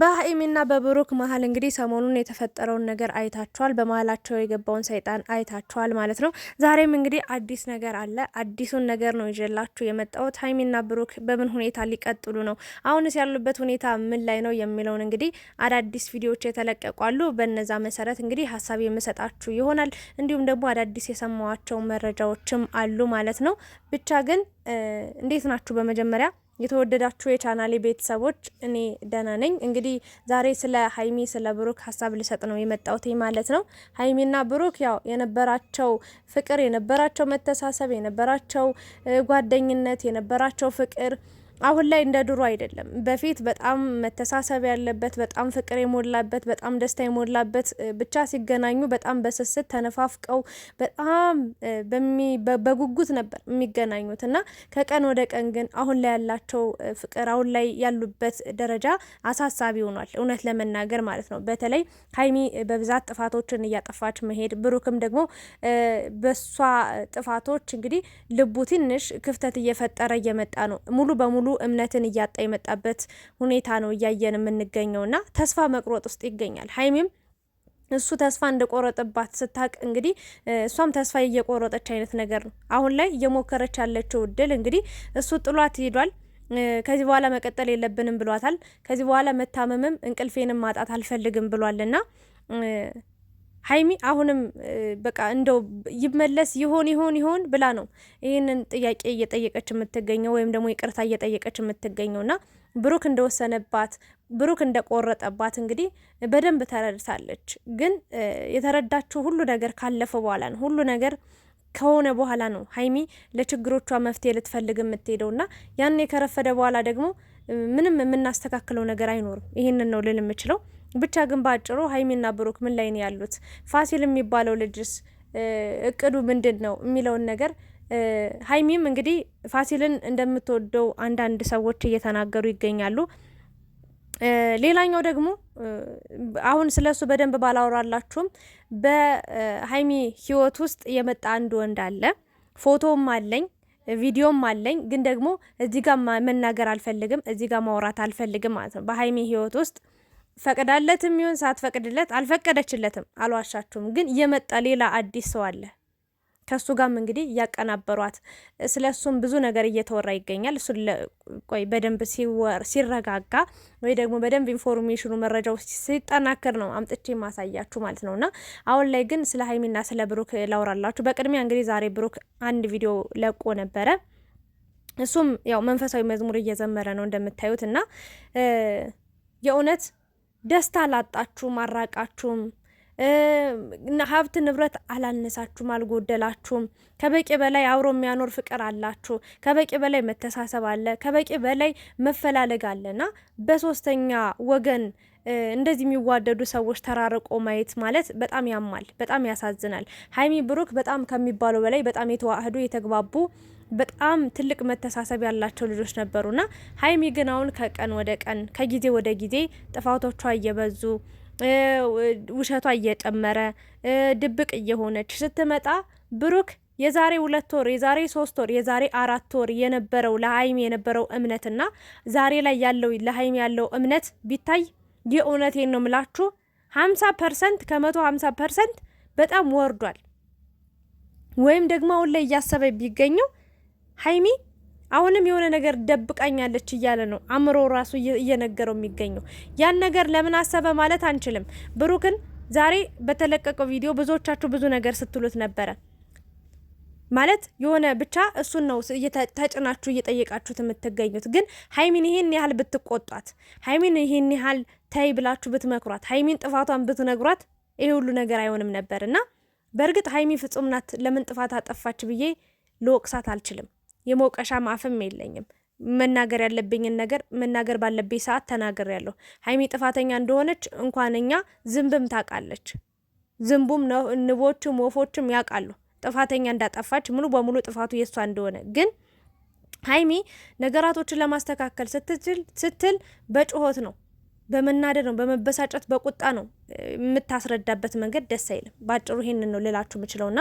በሀይሚና በብሩክ መሀል እንግዲህ ሰሞኑን የተፈጠረውን ነገር አይታችኋል። በመሀላቸው የገባውን ሰይጣን አይታችኋል ማለት ነው። ዛሬም እንግዲህ አዲስ ነገር አለ። አዲሱን ነገር ነው ይዤላችሁ የመጣሁት። ሀይሚና ብሩክ በምን ሁኔታ ሊቀጥሉ ነው? አሁንስ ያሉበት ሁኔታ ምን ላይ ነው የሚለውን እንግዲህ አዳዲስ ቪዲዮዎች የተለቀቁአሉ በነዛ መሰረት እንግዲህ ሀሳብ የምሰጣችሁ ይሆናል። እንዲሁም ደግሞ አዳዲስ የሰማዋቸው መረጃዎችም አሉ ማለት ነው። ብቻ ግን እንዴት ናችሁ በመጀመሪያ የተወደዳችሁ የቻናሌ ቤተሰቦች እኔ ደህና ነኝ። እንግዲህ ዛሬ ስለ ሀይሚ ስለ ብሩክ ሀሳብ ልሰጥ ነው የመጣሁት ማለት ነው። ሀይሚና ብሩክ ያው የነበራቸው ፍቅር፣ የነበራቸው መተሳሰብ፣ የነበራቸው ጓደኝነት፣ የነበራቸው ፍቅር አሁን ላይ እንደ ድሮ አይደለም። በፊት በጣም መተሳሰብ ያለበት፣ በጣም ፍቅር የሞላበት፣ በጣም ደስታ የሞላበት ብቻ ሲገናኙ በጣም በስስት ተነፋፍቀው በጣም በጉጉት ነበር የሚገናኙት እና ከቀን ወደ ቀን ግን አሁን ላይ ያላቸው ፍቅር አሁን ላይ ያሉበት ደረጃ አሳሳቢ ሆኗል፣ እውነት ለመናገር ማለት ነው። በተለይ ሀይሚ በብዛት ጥፋቶችን እያጠፋች መሄድ፣ ብሩክም ደግሞ በሷ ጥፋቶች እንግዲህ ልቡ ትንሽ ክፍተት እየፈጠረ እየመጣ ነው ሙሉ በሙሉ እምነትን እያጣ የመጣበት ሁኔታ ነው እያየን የምንገኘው እና ተስፋ መቁረጥ ውስጥ ይገኛል ሀይሚም እሱ ተስፋ እንደቆረጠባት ስታቅ እንግዲህ እሷም ተስፋ እየቆረጠች አይነት ነገር ነው አሁን ላይ እየሞከረች ያለችው እድል እንግዲህ እሱ ጥሏት ሄዷል ከዚህ በኋላ መቀጠል የለብንም ብሏታል ከዚህ በኋላ መታመምም እንቅልፌንም ማጣት አልፈልግም ብሏልና ሀይሚ አሁንም በቃ እንደው ይመለስ ይሆን ይሆን ይሆን ብላ ነው ይህንን ጥያቄ እየጠየቀች የምትገኘው ወይም ደግሞ ይቅርታ እየጠየቀች የምትገኘው ና ብሩክ እንደወሰነባት ብሩክ እንደቆረጠባት እንግዲህ በደንብ ተረድታለች። ግን የተረዳችው ሁሉ ነገር ካለፈ በኋላ ነው ሁሉ ነገር ከሆነ በኋላ ነው ሀይሚ ለችግሮቿ መፍትሄ ልትፈልግ የምትሄደው ና ያን የከረፈደ በኋላ ደግሞ ምንም የምናስተካክለው ነገር አይኖርም። ይህንን ነው ልል የምችለው። ብቻ ግን ባጭሩ ሀይሚና ብሩክ ምን ላይ ነው ያሉት? ፋሲል የሚባለው ልጅስ እቅዱ ምንድን ነው የሚለውን ነገር ሀይሚም እንግዲህ ፋሲልን እንደምትወደው አንዳንድ ሰዎች እየተናገሩ ይገኛሉ። ሌላኛው ደግሞ አሁን ስለ እሱ በደንብ ባላወራላችሁም በሀይሚ ህይወት ውስጥ የመጣ አንድ ወንድ አለ። ፎቶም አለኝ ቪዲዮም አለኝ። ግን ደግሞ እዚህ ጋር መናገር አልፈልግም፣ እዚህ ጋር ማውራት አልፈልግም ማለት ነው በሀይሚ ህይወት ውስጥ ፈቅዳለትም ይሁን ሳትፈቅድለት አልፈቀደችለትም፣ አልዋሻችሁም። ግን የመጣ ሌላ አዲስ ሰው አለ። ከሱ ጋም እንግዲህ እያቀናበሯት፣ ስለ እሱም ብዙ ነገር እየተወራ ይገኛል። እሱ ቆይ በደንብ ሲረጋጋ ወይ ደግሞ በደንብ ኢንፎርሜሽኑ መረጃው ሲጠናከር ነው አምጥቼ ማሳያችሁ ማለት እና አሁን ላይ ግን ስለ ሀይሚና ስለ ብሩክ ላውራላችሁ። በቅድሚያ እንግዲህ ዛሬ ብሩክ አንድ ቪዲዮ ለቆ ነበረ። እሱም ያው መንፈሳዊ መዝሙር እየዘመረ ነው እንደምታዩት እና የእውነት ደስታ ላጣችሁ ማራቃችሁም ሀብት ንብረት አላነሳችሁም፣ አልጎደላችሁም። ከበቂ በላይ አብሮ የሚያኖር ፍቅር አላችሁ። ከበቂ በላይ መተሳሰብ አለ። ከበቂ በላይ መፈላለግ አለና በሶስተኛ ወገን እንደዚህ የሚዋደዱ ሰዎች ተራርቆ ማየት ማለት በጣም ያማል፣ በጣም ያሳዝናል። ሀይሚ ብሩክ በጣም ከሚባለው በላይ በጣም የተዋህዱ የተግባቡ በጣም ትልቅ መተሳሰብ ያላቸው ልጆች ነበሩና ሀይሚ ግን አሁን ከቀን ወደ ቀን ከጊዜ ወደ ጊዜ ጥፋቶቿ እየበዙ ውሸቷ እየጨመረ ድብቅ እየሆነች ስትመጣ ብሩክ የዛሬ ሁለት ወር የዛሬ ሶስት ወር የዛሬ አራት ወር የነበረው ለሀይሚ የነበረው እምነትና ዛሬ ላይ ያለው ለሀይሚ ያለው እምነት ቢታይ የእውነቴን ነው ምላችሁ ሀምሳ ፐርሰንት ከመቶ ሀምሳ ፐርሰንት በጣም ወርዷል። ወይም ደግሞ አሁን ላይ እያሰበ ቢገኘው ሀይሚ አሁንም የሆነ ነገር ደብቃኛለች እያለ ነው አእምሮ ራሱ እየነገረው የሚገኘው። ያን ነገር ለምን አሰበ ማለት አንችልም። ብሩክን ዛሬ በተለቀቀው ቪዲዮ ብዙዎቻችሁ ብዙ ነገር ስትሉት ነበረ። ማለት የሆነ ብቻ እሱን ነው ተጭናችሁ እየጠየቃችሁት የምትገኙት። ግን ሀይሚን ይሄን ያህል ብትቆጧት፣ ሀይሚን ይሄን ያህል ተይ ብላችሁ ብትመክሯት፣ ሀይሚን ጥፋቷን ብትነግሯት ይሄ ሁሉ ነገር አይሆንም ነበር እና በእርግጥ ሀይሚ ፍጹም ናት። ለምን ጥፋት አጠፋች ብዬ ልወቅሳት አልችልም። የመውቀሻ ማፍም የለኝም። መናገር ያለብኝን ነገር መናገር ባለብኝ ሰዓት ተናገር ያለሁ። ሀይሚ ጥፋተኛ እንደሆነች እንኳን እኛ ዝንብም ታውቃለች። ዝንቡም ንቦችም ወፎችም ያውቃሉ ጥፋተኛ እንዳጠፋች ሙሉ በሙሉ ጥፋቱ የሷ እንደሆነ ግን ሀይሚ ነገራቶችን ለማስተካከል ስትል በጩኸት ነው፣ በመናደድ ነው፣ በመበሳጨት በቁጣ ነው የምታስረዳበት መንገድ ደስ አይልም። በአጭሩ ይሄንን ነው ልላችሁ የምችለውና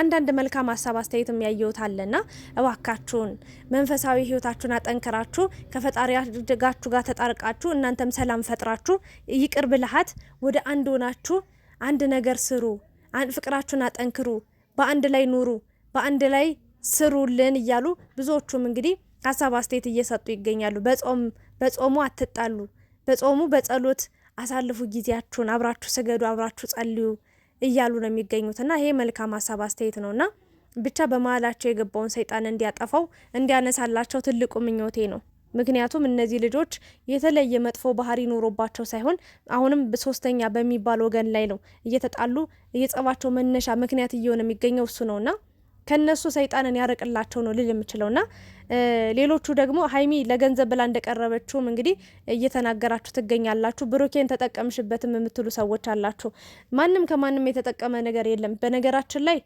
አንዳንድ መልካም ሀሳብ አስተያየትም ያየሁት አለና እባካችሁን መንፈሳዊ ህይወታችሁን አጠንክራችሁ ከፈጣሪ አድጋችሁ ጋር ተጣርቃችሁ እናንተም ሰላም ፈጥራችሁ ይቅር ብልሃት ወደ አንድ ሆናችሁ አንድ ነገር ስሩ፣ ፍቅራችሁን አጠንክሩ፣ በአንድ ላይ ኑሩ፣ በአንድ ላይ ስሩልን እያሉ ብዙዎቹም እንግዲህ ሀሳብ አስተያየት እየሰጡ ይገኛሉ። በጾም በጾሙ አትጣሉ፣ በጾሙ በጸሎት አሳልፉ ጊዜያችሁን፣ አብራችሁ ስገዱ፣ አብራችሁ ጸልዩ እያሉ ነው የሚገኙትና ይሄ መልካም ሀሳብ አስተያየት ነውና ብቻ በመሀላቸው የገባውን ሰይጣን እንዲያጠፋው እንዲያነሳላቸው ትልቁ ምኞቴ ነው። ምክንያቱም እነዚህ ልጆች የተለየ መጥፎ ባህሪ ኖሮባቸው ሳይሆን አሁንም ሶስተኛ በሚባል ወገን ላይ ነው እየተጣሉ የጸባቸው መነሻ ምክንያት እየሆነ የሚገኘው እሱ ነውና ከነሱ ሰይጣንን ያረቅላቸው ነው ልል የምችለውና ሌሎቹ ደግሞ ሀይሚ ለገንዘብ ብላ እንደቀረበችውም እንግዲህ እየተናገራችሁ ትገኛላችሁ። ብሩኬን ተጠቀምሽበትም የምትሉ ሰዎች አላችሁ። ማንም ከማንም የተጠቀመ ነገር የለም። በነገራችን ላይ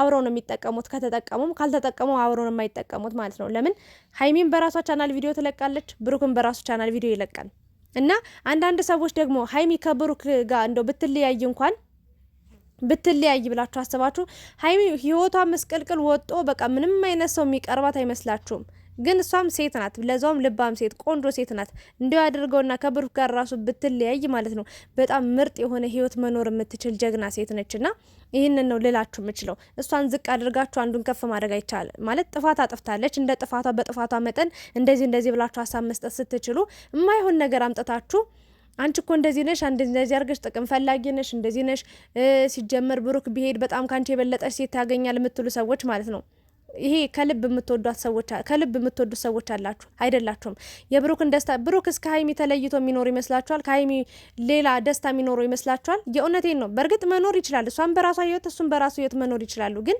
አብረው ነው የሚጠቀሙት። ከተጠቀሙም ካልተጠቀሙ አብረው ነው የማይጠቀሙት ማለት ነው። ለምን ሀይሚም በራሷ ቻናል ቪዲዮ ትለቃለች፣ ብሩክም በራሱ ቻናል ቪዲዮ ይለቃል። እና አንዳንድ ሰዎች ደግሞ ሀይሚ ከብሩክ ጋር እንደው ብትለያይ እንኳን ብትለያይ ብላችሁ አስባችሁ ሀይሚ ህይወቷ መስቀልቅል ወጦ በቃ ምንም አይነት ሰው የሚቀርባት አይመስላችሁም። ግን እሷም ሴት ናት፣ ለዛውም ልባም ሴት ቆንጆ ሴት ናት። እንዲው ያደርገውና ከብሩክ ጋር ራሱ ብትለያይ ማለት ነው በጣም ምርጥ የሆነ ህይወት መኖር የምትችል ጀግና ሴት ነችና ይህንን ነው ልላችሁ የምችለው። እሷን ዝቅ አድርጋችሁ አንዱን ከፍ ማድረግ አይቻል ማለት ጥፋት አጥፍታለች። እንደ ጥፋቷ በጥፋቷ መጠን እንደዚህ እንደዚህ ብላችሁ ሀሳብ መስጠት ስትችሉ የማይሆን ነገር አምጥታችሁ አንቺ እኮ እንደዚህ ነሽ፣ እንደዚህ አድርገሽ ጥቅም ፈላጊ ነሽ፣ እንደዚህ ነሽ። ሲጀመር ብሩክ ቢሄድ በጣም ካንቺ የበለጠሽ ሴት ታገኛል የምትሉ ሰዎች ማለት ነው ይሄ ከልብ የምትወዷት ሰዎች ከልብ የምትወዱ ሰዎች አላችሁ አይደላችሁም? የብሩክን ደስታ ብሩክ እስከ ሀይሚ ተለይቶ የሚኖሩ ይመስላችኋል? ከሀይሚ ሌላ ደስታ የሚኖሩ ይመስላችኋል? የእውነቴን ነው። በእርግጥ መኖር ይችላል። እሷም በራሷ ህይወት፣ እሱም በራሱ ህይወት መኖር ይችላሉ። ግን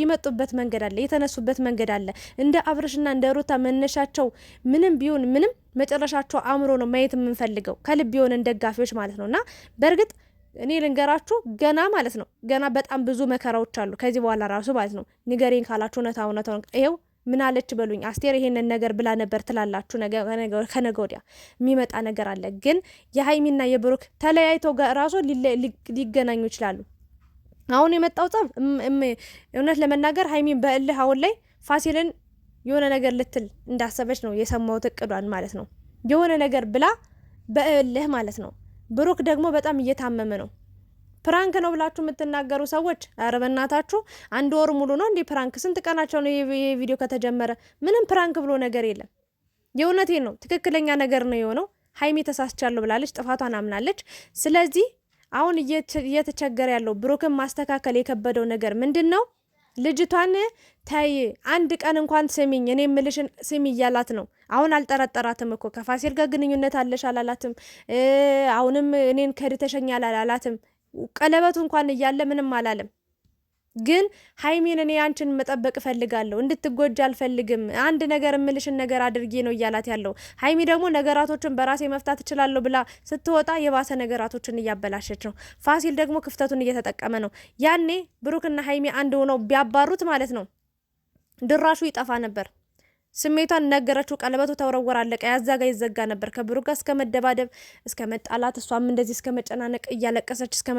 የመጡበት መንገድ አለ፣ የተነሱበት መንገድ አለ። እንደ አብርሽና እንደ ሩታ መነሻቸው ምንም ቢሆን ምንም መጨረሻቸው አእምሮ ነው ማየት የምንፈልገው ከልብ የሆነን ደጋፊዎች ማለት ነው እና በእርግጥ እኔ ልንገራችሁ ገና ማለት ነው ገና በጣም ብዙ መከራዎች አሉ ከዚህ በኋላ ራሱ ማለት ነው። ንገሬን ካላችሁ እውነታ እውነታውን ይኸው ምን አለች በሉኝ። አስቴር ይሄንን ነገር ብላ ነበር ትላላችሁ። ከነገ ወዲያ የሚመጣ ነገር አለ። ግን የሀይሚና የብሩክ ተለያይተው ራሱ ሊገናኙ ይችላሉ። አሁን የመጣው ጸብ እውነት ለመናገር ሀይሚን በእልህ አሁን ላይ ፋሲልን የሆነ ነገር ልትል እንዳሰበች ነው የሰማሁት። እቅዷን ማለት ነው የሆነ ነገር ብላ በእልህ ማለት ነው ብሩክ ደግሞ በጣም እየታመመ ነው። ፕራንክ ነው ብላችሁ የምትናገሩ ሰዎች ኧረ በእናታችሁ አንድ ወር ሙሉ ነው እንዲህ ፕራንክ። ስንት ቀናቸው ነው ቪዲዮ ከተጀመረ? ምንም ፕራንክ ብሎ ነገር የለም። የእውነቴ ነው። ትክክለኛ ነገር ነው የሆነው። ሀይሚ ተሳስቻለሁ ብላለች፣ ጥፋቷን አምናለች። ስለዚህ አሁን እየተቸገረ ያለው ብሩክን ማስተካከል የከበደው ነገር ምንድን ነው? ልጅቷን ተይ አንድ ቀን እንኳን ስሚኝ እኔ ምልሽን ስሚ እያላት ነው። አሁን አልጠረጠራትም እኮ ከፋሲል ጋር ግንኙነት አለሽ አላላትም። አሁንም እኔን ከድተሸኛል አላላትም። ቀለበቱ እንኳን እያለ ምንም አላለም። ግን ሀይሚን እኔ አንቺን መጠበቅ እፈልጋለሁ፣ እንድትጎጂ አልፈልግም፣ አንድ ነገር እምልሽን ነገር አድርጌ ነው እያላት ያለው። ሀይሚ ደግሞ ነገራቶችን በራሴ መፍታት እችላለሁ ብላ ስትወጣ የባሰ ነገራቶችን እያበላሸች ነው። ፋሲል ደግሞ ክፍተቱን እየተጠቀመ ነው። ያኔ ብሩክና ሀይሚ አንድ ሆነው ቢያባሩት ማለት ነው ድራሹ ይጠፋ ነበር። ስሜቷን ነገረችው። ቀለበቱ ተወረወረ፣ አለቀ። ያዛ ጋ ይዘጋ ነበር። ከብሩክ ጋር እስከ መደባደብ እስከ መጣላት፣ እሷም እንደዚህ እስከ መጨናነቅ እያለቀሰች እስከ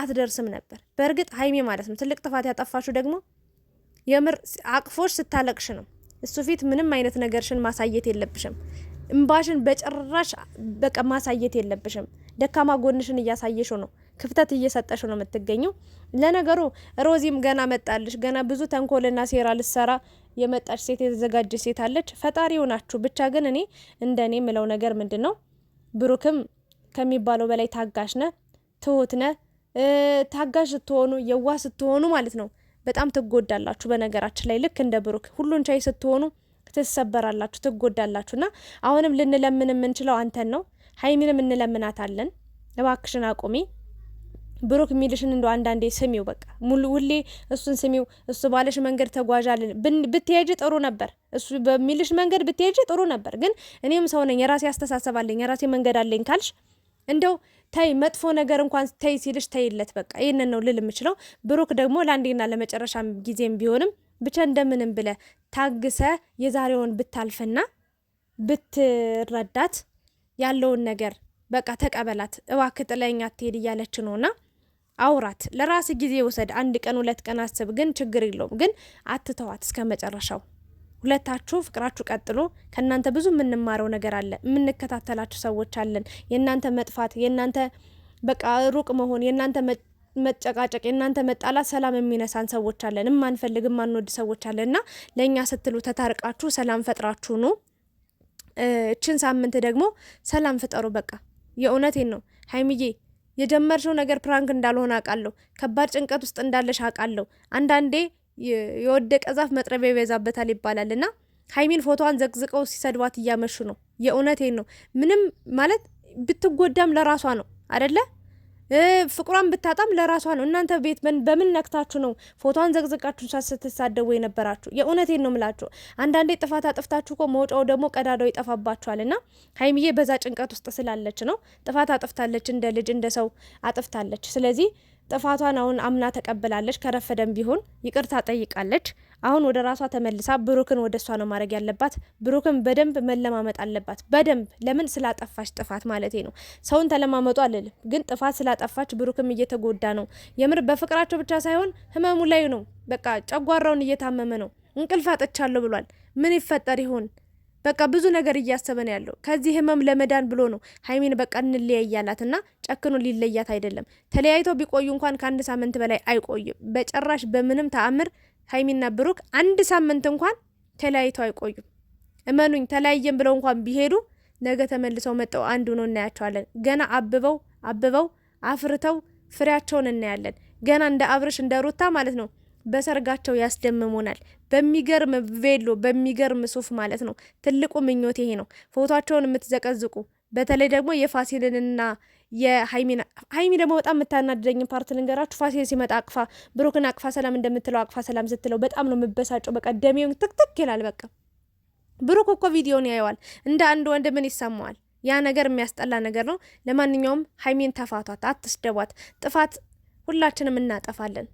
አትደርስም ነበር። በእርግጥ ሀይሜ ማለት ነው ትልቅ ጥፋት ያጠፋችሁ ደግሞ የምር አቅፎች ስታለቅሽ ነው። እሱ ፊት ምንም አይነት ነገርሽን ማሳየት የለብሽም። እምባሽን በጭራሽ በቃ ማሳየት የለብሽም። ደካማ ጎንሽን እያሳየሽ ነው፣ ክፍተት እየሰጠሽ ነው የምትገኘው። ለነገሩ ሮዚም ገና መጣልሽ። ገና ብዙ ተንኮልና ሴራ ልሰራ የመጣች ሴት የተዘጋጀ ሴት አለች። ፈጣሪው ናችሁ። ብቻ ግን እኔ እንደ እኔ ምለው ነገር ምንድን ነው፣ ብሩክም ከሚባለው በላይ ታጋሽ ነ፣ ትሁት ነ ታጋሽ ስትሆኑ፣ የዋ ስትሆኑ ማለት ነው በጣም ትጎዳላችሁ። በነገራችን ላይ ልክ እንደ ብሩክ ሁሉን ቻይ ስትሆኑ ትሰበራላችሁ፣ ትጎዳላችሁ። እና አሁንም ልንለምን የምንችለው አንተን ነው። ሀይሚንም እንለምናታለን፣ እባክሽን አቁሚ ብሩክ የሚልሽን እንደ አንዳንዴ ስሚው፣ በቃ ሙሉ ሁሌ እሱን ስሚው። እሱ ባለሽ መንገድ ተጓዣልን ብትሄጅ ጥሩ ነበር። እሱ በሚልሽ መንገድ ብትሄጅ ጥሩ ነበር። ግን እኔም ሰው ነኝ፣ የራሴ አስተሳሰብ አለኝ፣ የራሴ መንገድ አለኝ ካልሽ እንደው ተይ መጥፎ ነገር እንኳን ተይ ሲልሽ ተይለት በቃ ይህንን ነው ልል የምችለው። ብሩክ ደግሞ ለአንዴና ለመጨረሻ ጊዜም ቢሆንም ብቻ እንደምንም ብለ ታግሰ የዛሬውን ብታልፍና ብትረዳት ያለውን ነገር በቃ ተቀበላት። እባክህ ጥለኸኝ ትሄድ እያለች ነውና አውራት። ለራስ ጊዜ ውሰድ። አንድ ቀን ሁለት ቀን አስብ፣ ግን ችግር የለውም። ግን አትተዋት እስከ መጨረሻው። ሁለታችሁ ፍቅራችሁ ቀጥሎ ከእናንተ ብዙ የምንማረው ነገር አለ። የምንከታተላችሁ ሰዎች አለን። የእናንተ መጥፋት፣ የእናንተ በቃ ሩቅ መሆን፣ የእናንተ መጨቃጨቅ፣ የእናንተ መጣላት ሰላም የሚነሳን ሰዎች አለን። የማንፈልግ የማንወድ ሰዎች አለን እና ለእኛ ስትሉ ተታርቃችሁ ሰላም ፈጥራችሁ ነው። እችን ሳምንት ደግሞ ሰላም ፍጠሩ። በቃ የእውነቴን ነው ሀይሚዬ የጀመርሽው ነገር ፕራንክ እንዳልሆነ አውቃለሁ። ከባድ ጭንቀት ውስጥ እንዳለሽ አውቃለሁ። አንዳንዴ የወደቀ ዛፍ መጥረቢያ ይበዛበታል ይባላል እና ሀይሚን ፎቶዋን ዘቅዝቀው ሲሰድቧት እያመሹ ነው። የእውነቴን ነው። ምንም ማለት ብትጎዳም ለራሷ ነው አደለ? ፍቅሯን ብታጣም ለራሷ ነው። እናንተ ቤት በምን ነክታችሁ ነው ፎቶዋን ዘቅዝቃችሁ ስትሳደቡ የነበራችሁ? የእውነቴን ነው ምላችሁ። አንዳንዴ ጥፋት አጥፍታችሁ እኮ መውጫው ደግሞ ቀዳዳው ይጠፋባችኋል። እና ሀይሚዬ በዛ ጭንቀት ውስጥ ስላለች ነው። ጥፋት አጥፍታለች፣ እንደ ልጅ እንደ ሰው አጥፍታለች። ስለዚህ ጥፋቷን አሁን አምና ተቀብላለች። ከረፈደም ቢሆን ይቅርታ ጠይቃለች። አሁን ወደ ራሷ ተመልሳ ብሩክን ወደ እሷ ነው ማድረግ ያለባት። ብሩክን በደንብ መለማመጥ አለባት። በደንብ ለምን ስላጠፋች ጥፋት ማለት ነው። ሰውን ተለማመጡ አልልም፣ ግን ጥፋት ስላጠፋች ብሩክም እየተጎዳ ነው። የምር በፍቅራቸው ብቻ ሳይሆን ህመሙ ላይ ነው። በቃ ጨጓራውን እየታመመ ነው። እንቅልፍ አጥቻለሁ ብሏል። ምን ይፈጠር ይሆን? በቃ ብዙ ነገር እያሰበ ነው ያለው። ከዚህ ህመም ለመዳን ብሎ ነው ሀይሚን በቃ እንለያያላት እና ጨክኖ ሊለያት አይደለም። ተለያይተው ቢቆዩ እንኳን ከአንድ ሳምንት በላይ አይቆዩም። በጭራሽ በምንም ተአምር ሀይሚና ብሩክ አንድ ሳምንት እንኳን ተለያይተው አይቆዩም። እመኑኝ፣ ተለያየን ብለው እንኳን ቢሄዱ ነገ ተመልሰው መጠው አንዱ ነው እናያቸዋለን። ገና አብበው አብበው አፍርተው ፍሬያቸውን እናያለን። ገና እንደ አብርሽ እንደ ሩታ ማለት ነው በሰርጋቸው ያስደምሙናል። በሚገርም ቬሎ በሚገርም ሱፍ ማለት ነው። ትልቁ ምኞት ይሄ ነው። ፎቷቸውን የምትዘቀዝቁ በተለይ ደግሞ የፋሲልንና የሀይሚን ደግሞ በጣም የምታናደኝ ፓርት ልንገራችሁ። ፋሲል ሲመጣ አቅፋ ብሩክን አቅፋ ሰላም እንደምትለው አቅፋ ሰላም ስትለው በጣም ነው የምበሳጨው። በቃ ደሜውን ትክትክ ይላል። በቃ ብሩክ እኮ ቪዲዮን ያየዋል። እንደ አንድ ወንድ ምን ይሰማዋል? ያ ነገር የሚያስጠላ ነገር ነው። ለማንኛውም ሀይሚን ተፋቷት፣ አትስደቧት። ጥፋት ሁላችንም እናጠፋለን።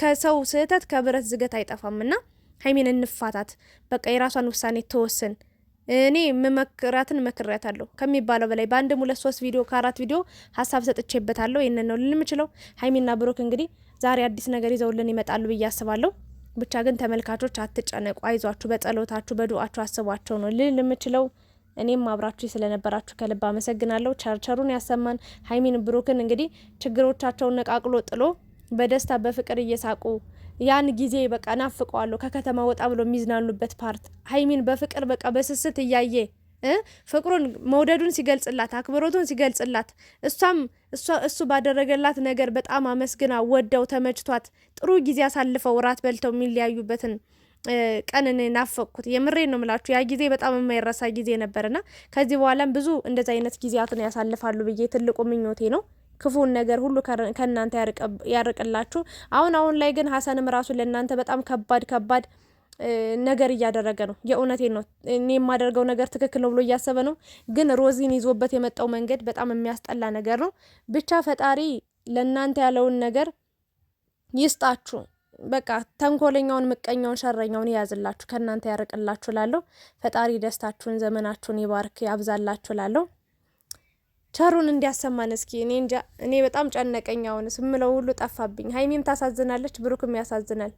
ከሰው ስህተት ከብረት ዝገት አይጠፋምና ሀይሜን እንፋታት፣ በቃ የራሷን ውሳኔ ትወስን። እኔ ምመክራትን መክሬያታለሁ ከሚባለው በላይ በአንድ ሁለት ሶስት ቪዲዮ ከአራት ቪዲዮ ሀሳብ ሰጥቼበታለሁ። ይህንን ነው ልን የምችለው። ሀይሜና ብሩክ እንግዲህ ዛሬ አዲስ ነገር ይዘውልን ይመጣሉ ብዬ አስባለሁ። ብቻ ግን ተመልካቾች አትጨነቁ፣ አይዟችሁ፣ በጸሎታችሁ በዱአችሁ አስቧቸው ነው ልል የምችለው። እኔም አብራችሁ ስለነበራችሁ ከልብ አመሰግናለሁ። ቸርቸሩን ያሰማን። ሀይሚን ብሩክን እንግዲህ ችግሮቻቸውን ነቃቅሎ ጥሎ በደስታ በፍቅር እየሳቁ ያን ጊዜ በቃ ናፍቀዋለሁ። ከከተማ ወጣ ብሎ የሚዝናኑበት ፓርት ሀይሚን በፍቅር በቃ በስስት እያየ ፍቅሩን መውደዱን ሲገልጽላት አክብሮቱን ሲገልጽላት እሷም እሱ ባደረገላት ነገር በጣም አመስግና ወደው ተመችቷት ጥሩ ጊዜ አሳልፈው ራት በልተው የሚለያዩበትን ቀን እኔ ናፈቅኩት። የምሬ ነው ምላችሁ። ያ ጊዜ በጣም የማይረሳ ጊዜ ነበርና ከዚህ በኋላም ብዙ እንደዚህ አይነት ጊዜያትን ያሳልፋሉ ብዬ ትልቁ ምኞቴ ነው። ክፉን ነገር ሁሉ ከእናንተ ያርቅላችሁ። አሁን አሁን ላይ ግን ሀሰንም ራሱ ለእናንተ በጣም ከባድ ከባድ ነገር እያደረገ ነው። የእውነቴን ነው። እኔ የማደርገው ነገር ትክክል ነው ብሎ እያሰበ ነው። ግን ሮዚን ይዞበት የመጣው መንገድ በጣም የሚያስጠላ ነገር ነው። ብቻ ፈጣሪ ለእናንተ ያለውን ነገር ይስጣችሁ። በቃ ተንኮለኛውን፣ ምቀኛውን፣ ሸረኛውን ያዝላችሁ፣ ከእናንተ ያርቅላችሁ ላለው ፈጣሪ ደስታችሁን፣ ዘመናችሁን ይባርክ ያብዛላችሁ ላለው ቸሩን እንዲያሰማን እስኪ። እኔ እንጃ እኔ በጣም ጨነቀኝ። አሁን ስምለው ሁሉ ጠፋብኝ። ሀይሚም ታሳዝናለች፣ ብሩክም ያሳዝናል።